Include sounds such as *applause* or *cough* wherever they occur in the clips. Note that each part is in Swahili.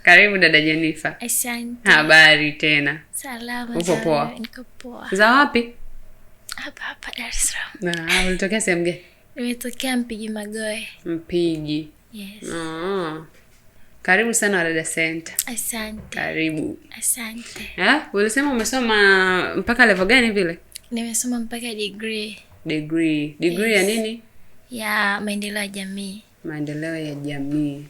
Karibu dada Jenifa. Asante. Habari tena. Salama. Uko poa? Niko poa. Za wapi? Hapa hapa Dar es Salaam. ulitokea sehemu gani? imetokea Mpiji Magoe. Mpiji. Yes. Karibu sana Wadada Center. Asante. Karibu. Asante. Eh, ulisema umesoma mpaka level gani vile? Nimesoma mpaka degree. Degree. Degree yes. ya nini? Ya maendeleo ya jamii. Maendeleo ya jamii.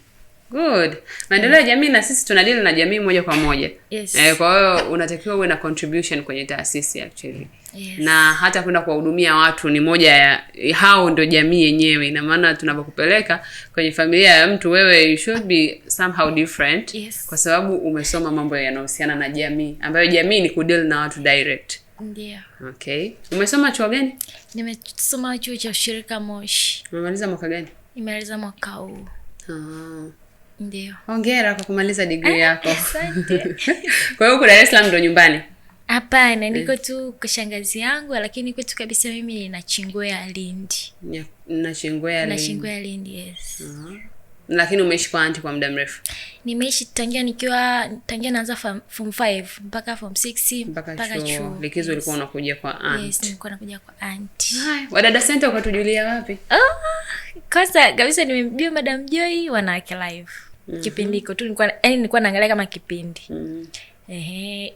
Good. Maendeleo ya jamii na sisi tunadili na jamii moja kwa moja. Yes. Eh, kwa hiyo unatakiwa uwe na contribution kwenye taasisi actually. Yes. Na hata kwenda kuwahudumia watu ni moja ya hao ndio jamii yenyewe. Ina maana tunapokupeleka kwenye familia ya mtu wewe you should be somehow different yes. Kwa sababu umesoma mambo yanayohusiana na jamii ambayo jamii ni kudeal na watu direct. Ndio. Okay. Umesoma chuo gani? Nimesoma chuo cha ushirika Moshi. Umemaliza mwaka gani? Nimemaliza mwaka huu. Ah. Ndio. Hongera kwa kumaliza degree ah, yako. Asante. *laughs* Kwa hiyo uko Dar es Salaam ndo nyumbani? Hapana, niko eh. tu kwa shangazi yangu, lakini kwetu kabisa mimi ninachingwea Lindi. Yeah, nachingwea Lindi. Nachingwea Lindi, yes. Uh-huh. Lakini umeishi kwa anti kwa muda mrefu? Nimeishi tangia nikiwa tangia naanza form 5 mpaka form 6 mpaka chuo. Likizo ilikuwa Unakuja kwa anti. Yes, nilikuwa nakuja kwa anti. Hai, Wadada Center ukatujulia wapi? Ah, oh, kwanza kabisa nimemjua Madam Joy Wanawake Live mm-hmm. kipindi iko tu yani nilikuwa naangalia kama kipindi mm-hmm.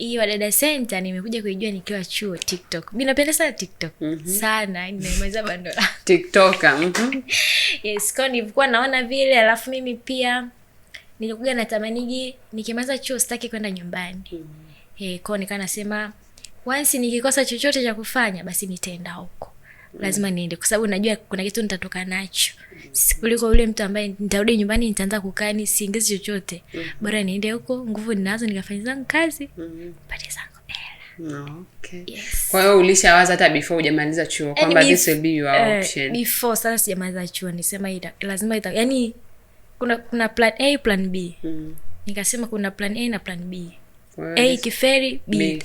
hii Wadada Center nimekuja kuijua nikiwa chuo TikTok. minapenda napenda sana TikTok. Mm-hmm. Sana, nimemaliza bando la *laughs* mm-hmm. Yes, kwa nilikuwa naona vile alafu mimi pia nilikuja natamaniji nikimaza chuo sitaki kwenda nyumbani. Mm-hmm. Eh, kwa nikawa nasema wansi nikikosa chochote cha kufanya basi nitaenda huko lazima niende, kwa sababu najua kuna kitu nitatoka nacho, kuliko yule mtu ambaye nitarudi nyumbani nitaanza kukaa ni siingizi chochote. Bora niende huko, nguvu ninazo, nikafanya zangu kazi, pate zangu hela. Okay. Yes. Kwa hiyo ulishawaza hata before hujamaliza chuo yaani kwamba this will be your eh, option. Before sasa sijamaliza chuo, nisema ita, lazima ita, yani kuna kuna plan A, plan B. Mm. Nikasema kuna plan A na plan B. A B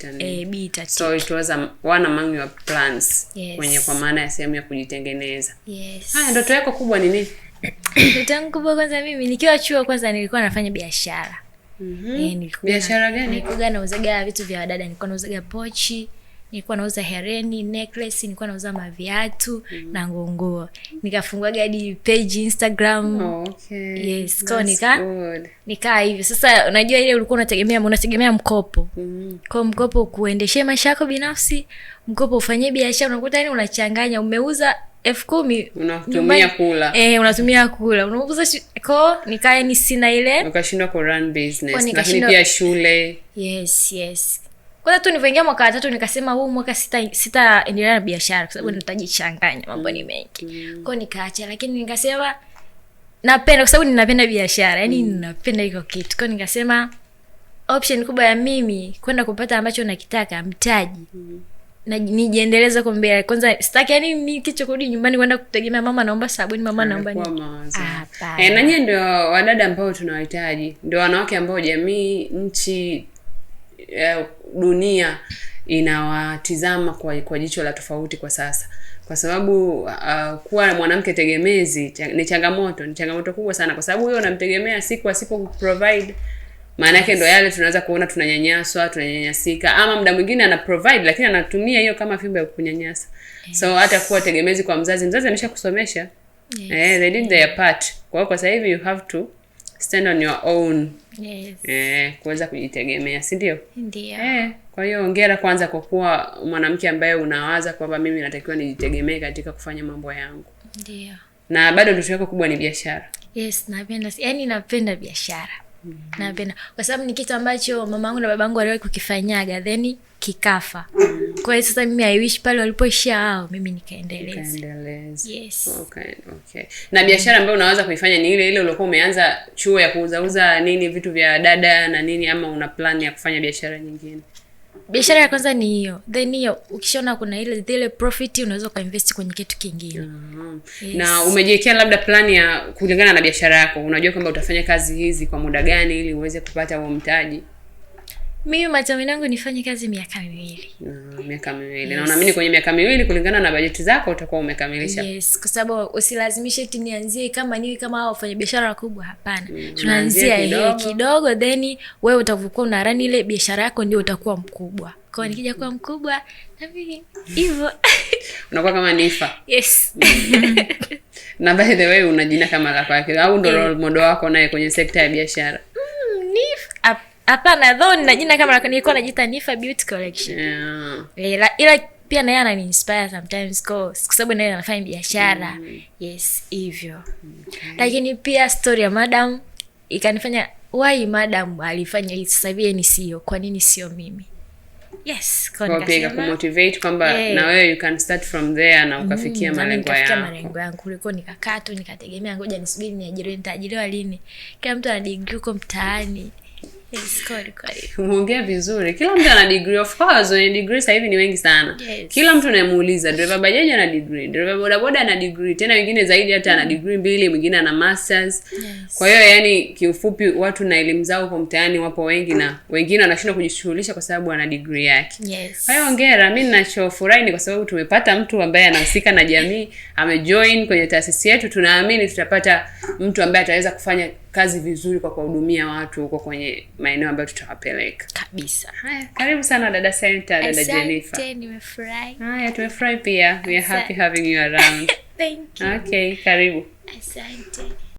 B So it was a, um, one among your plans. Yes. Kwenye kwa maana ya sehemu ya kujitengeneza. Yes. ndoto yako kubwa ni nini? Ndoto yangu kubwa kwanza, mimi nikiwa chuo kwanza nilikuwa nafanya biashara. Mhm. Mm eh, biashara gani? nauzaga vitu vya wadada, nilikuwa nauzaga pochi nilikuwa nauza hereni, necklace, nilikuwa nauza maviatu mm. na ngonguo. Nikafungua gadi page Instagram. Okay. Yes, kwa nika nikaa hivyo. Sasa unajua ile ulikuwa unategemea unategemea mkopo. Mm. Mm-hmm. kwao mkopo kuendeshea maisha yako binafsi, mkopo ufanyie biashara, unakuta yani unachanganya, umeuza elfu kumi unatumia kula e, unatumia kula unauza ko nikaa ni sina ile ukashindwa ku run business, lakini pia shule. Yes, yes kwanza tu nivoingia mwaka watatu nikasema huu mwaka sitaendelea sita na biashara kwa sababu mm. nitajichanganya mambo ni mm. mengi mm. kwao nikaacha lakini nikasema napenda kwa sababu ninapenda biashara yani mm. ninapenda iko kitu kwao nikasema option kubwa ya mimi kwenda kupata ambacho nakitaka mtaji mm. na nijiendeleza kwa mbele kwanza sitaki yani ni kicho kurudi nyumbani kwenda kutegemea mama naomba sabuni mama naomba ni e, eh, na nyie ndio wadada ambao tunawahitaji ndio wanawake ambao jamii nchi eh, dunia inawatizama kwa, kwa jicho la tofauti kwa sasa, kwa sababu uh, kuwa mwanamke tegemezi chang, ni changamoto, ni changamoto kubwa sana, kwa sababu huyo unamtegemea, siku asipo provide maana yake ndo yale tunaweza kuona tunanyanyaswa, tunanyanyasika, ama muda mwingine ana provide lakini anatumia hiyo kama fimbo ya kunyanyasa. Yes. So hata kuwa tegemezi kwa mzazi, mzazi amesha kusomesha Yes. Eh, they did their part. Kwa hiyo kwa sasa hivi you have to stand on your own yes. Eh, kuweza kujitegemea si ndio? Ndio. Eh, kwa hiyo ongera kwanza kwa kuwa mwanamke ambaye unawaza kwamba mimi natakiwa nijitegemee katika kufanya mambo yangu. Ndio. Na bado ndoto yako kubwa ni biashara. Yes, napenda yaani napenda biashara. Mm -hmm. Napenda kwa sababu ni kitu ambacho mamangu na babangu waliwahi kukifanyaga then kikafa. Mm. Kwa hiyo sasa mimi aiwishi pale walipoishia ao mimi nikaendeleza. Yes. Okay, okay. Na biashara ambayo unaweza kuifanya ni ile ile uliokuwa umeanza chuo ya kuuzauza nini vitu vya dada na nini, ama una plan ya kufanya biashara nyingine? Biashara ya kwanza ni hiyo, then hiyo ukishaona kuna ile ile profit unaweza ukainvest kwenye kitu kingine. mm -hmm. Yes. Na umejiwekea labda plan ya kulingana na biashara yako, unajua kwamba utafanya kazi hizi kwa muda gani ili uweze kupata huo mtaji? Mimi matamanio yangu nifanye kazi miaka miwili. Uh, miaka miwili. Yes. Na kwenye miaka miwili kulingana na bajeti zako utakuwa umekamilisha? Yes, kwa sababu usilazimishe eti nianzie kama niwi kama hao wafanya biashara wakubwa hapana. Mm, tunaanzia kidogo. kidogo then wewe utakuwa unarani ile biashara yako ndio utakuwa mkubwa. Kwa hiyo nikija kuwa mkubwa na mimi hivyo. *laughs* Unakuwa kama Nifa. Yes. *laughs* na by the way una jina kama la kwake au ndo role model wako naye kwenye sekta ya biashara? Hapana, though nina jina kama nilikuwa najita Nifa Beauty Collection. Yeah. Ila, eh, ila pia naye ananiinspire sometimes ko kwa sababu naye anafanya biashara. Mm. Yes, hivyo. Okay. Lakini pia story ya madam ikanifanya wai madam alifanya hii sasa hivi ni sio, e kwa nini sio e mimi? Yes, kwa kwamba hey, eh. na wewe you can start from there na ukafikia mm, malengo yako. malengo yangu kuliko nikakaa tu nikategemea ngoja nisubiri niajiriwe, nitaajiriwa lini? Kila mtu ana degree huko mtaani. Umeongea vizuri. Kila mtu ana degree of course, wenye degree sahivi ni wengi sana. Yes. Kila mtu unayemuuliza, dereva bajaji ana degree, dereva bodaboda ana degree, tena wengine zaidi hata ana mm. degree mbili, mwingine ana masters. Yes. Kwa hiyo yani kiufupi watu na elimu zao kwa mtaani wapo wengi na wengine wanashindwa kujishughulisha kwa sababu ana degree yake. Yes. Kwa hiyo ongera mi nachofurahi ni kwa sababu tumepata mtu ambaye anahusika na jamii, amejoin kwenye taasisi yetu, tunaamini tutapata mtu ambaye ataweza kufanya kazi vizuri kwa kuwahudumia watu huko kwenye maeneo ambayo tutawapeleka kabisa. Haya, karibu sana dada Senta, dada Jennifer. Nimefurahi. Haya, tumefurahi pia. We are happy having you around. *laughs* Thank you. Okay, karibu. Asante.